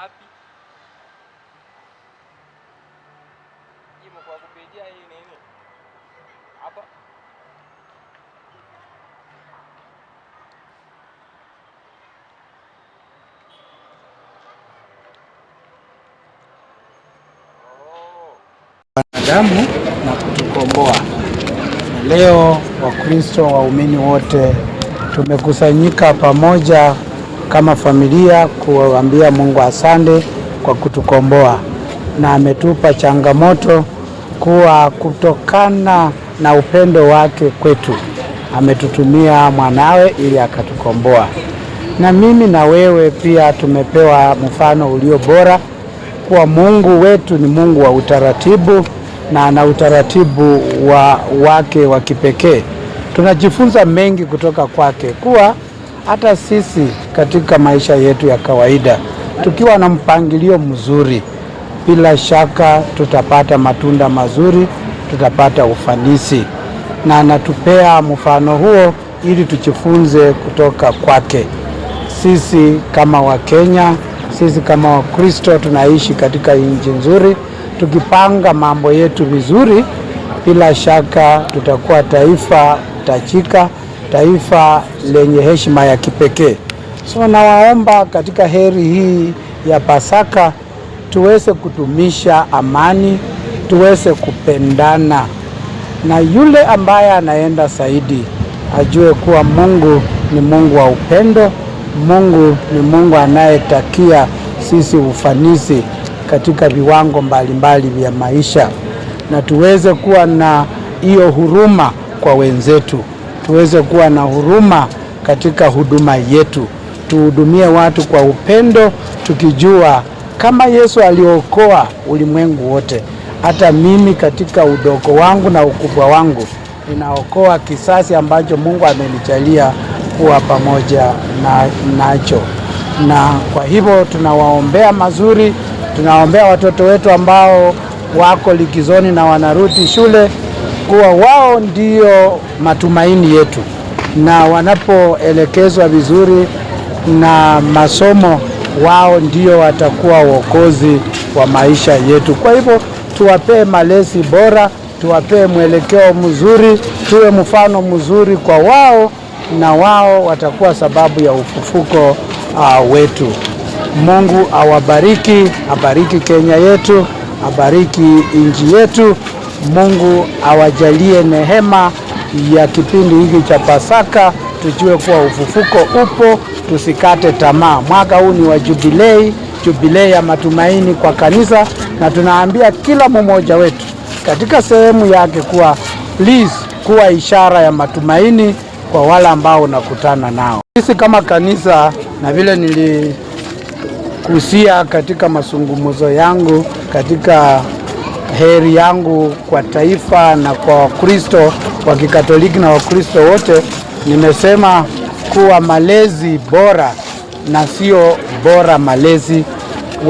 wapi, imo kwa kupitia hii nini hapa wanadamu na kutukomboa. Leo Wakristo waumini wote tumekusanyika pamoja kama familia kuwaambia Mungu asante kwa kutukomboa, na ametupa changamoto kuwa kutokana na upendo wake kwetu ametutumia mwanawe ili akatukomboa. Na mimi na wewe pia tumepewa mfano ulio bora kuwa Mungu wetu ni Mungu wa utaratibu na ana utaratibu wa wake wa kipekee. Tunajifunza mengi kutoka kwake kuwa hata sisi katika maisha yetu ya kawaida, tukiwa na mpangilio mzuri, bila shaka tutapata matunda mazuri, tutapata ufanisi, na anatupea mfano huo ili tujifunze kutoka kwake. Sisi kama Wakenya, sisi kama Wakristo tunaishi katika nchi nzuri. Tukipanga mambo yetu vizuri, bila shaka tutakuwa taifa tajika taifa lenye heshima ya kipekee. So nawaomba katika heri hii ya Pasaka tuweze kudumisha amani, tuweze kupendana, na yule ambaye anaenda zaidi ajue kuwa Mungu ni Mungu wa upendo, Mungu ni Mungu anayetakia sisi ufanisi katika viwango mbalimbali vya maisha, na tuweze kuwa na hiyo huruma kwa wenzetu tuweze kuwa na huruma katika huduma yetu, tuhudumie watu kwa upendo, tukijua kama Yesu aliokoa ulimwengu wote, hata mimi katika udogo wangu na ukubwa wangu ninaokoa kisasi ambacho Mungu amenijalia kuwa pamoja na, nacho. Na kwa hivyo tunawaombea mazuri, tunawaombea watoto wetu ambao wako likizoni na wanarudi shule kuwa wao ndio matumaini yetu, na wanapoelekezwa vizuri na masomo, wao ndio watakuwa wokozi wa maisha yetu. Kwa hivyo tuwapee malezi bora, tuwapee mwelekeo mzuri, tuwe mfano mzuri kwa wao, na wao watakuwa sababu ya ufufuko uh, wetu. Mungu awabariki, abariki Kenya yetu, abariki nchi yetu. Mungu awajalie nehema ya kipindi hiki cha Pasaka, tujue kuwa ufufuko upo, tusikate tamaa. Mwaka huu ni wa jubilei, jubilei ya matumaini kwa kanisa, na tunaambia kila mmoja wetu katika sehemu yake kuwa please, kuwa ishara ya matumaini kwa wale ambao unakutana nao. Sisi kama kanisa, na vile nilikusia katika mazungumzo yangu katika heri yangu kwa taifa na kwa Wakristo wa Kikatoliki na Wakristo wote, nimesema kuwa malezi bora na sio bora malezi.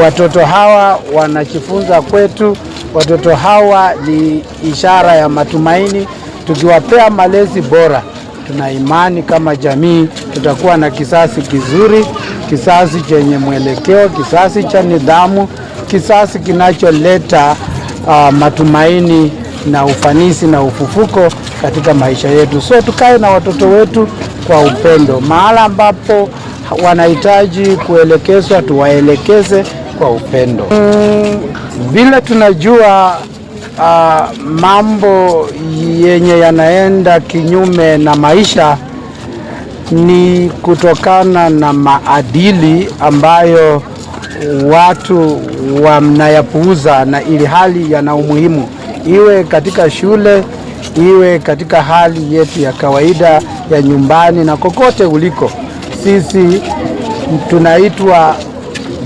Watoto hawa wanajifunza kwetu. Watoto hawa ni ishara ya matumaini. Tukiwapea malezi bora, tuna imani kama jamii tutakuwa na kizazi kizuri, kizazi chenye mwelekeo, kizazi cha nidhamu, kizazi kinacholeta uh, matumaini na ufanisi na ufufuko katika maisha yetu. So tukae na watoto wetu kwa upendo, mahala ambapo wanahitaji kuelekezwa tuwaelekeze kwa upendo. bila tunajua uh, mambo yenye yanaenda kinyume na maisha ni kutokana na maadili ambayo watu wanayapuuza, na ili hali yana umuhimu, iwe katika shule, iwe katika hali yetu ya kawaida ya nyumbani na kokote uliko. Sisi tunaitwa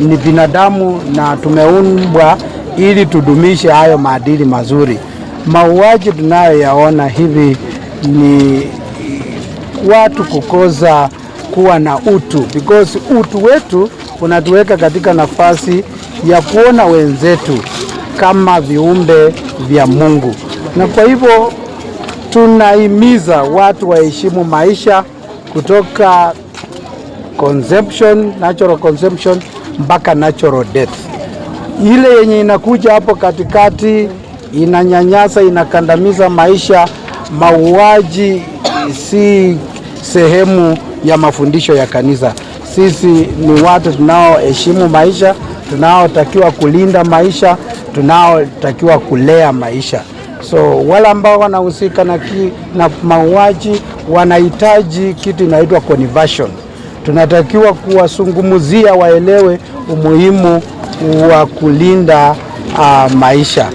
ni binadamu na tumeumbwa ili tudumishe hayo maadili mazuri. Mauaji tunayoyaona hivi ni watu kukosa kuwa na utu, because utu wetu unatuweka katika nafasi ya kuona wenzetu kama viumbe vya Mungu, na kwa hivyo tunahimiza watu waheshimu maisha kutoka conception, natural conception mpaka natural death. Ile yenye inakuja hapo katikati inanyanyasa, inakandamiza maisha. Mauaji si sehemu ya mafundisho ya kanisa. Sisi ni watu tunaoheshimu maisha, tunaotakiwa kulinda maisha, tunaotakiwa kulea maisha. So wale ambao wanahusika na, na mauaji wanahitaji kitu inaitwa conversion. Tunatakiwa kuwasungumuzia waelewe umuhimu wa kulinda uh, maisha.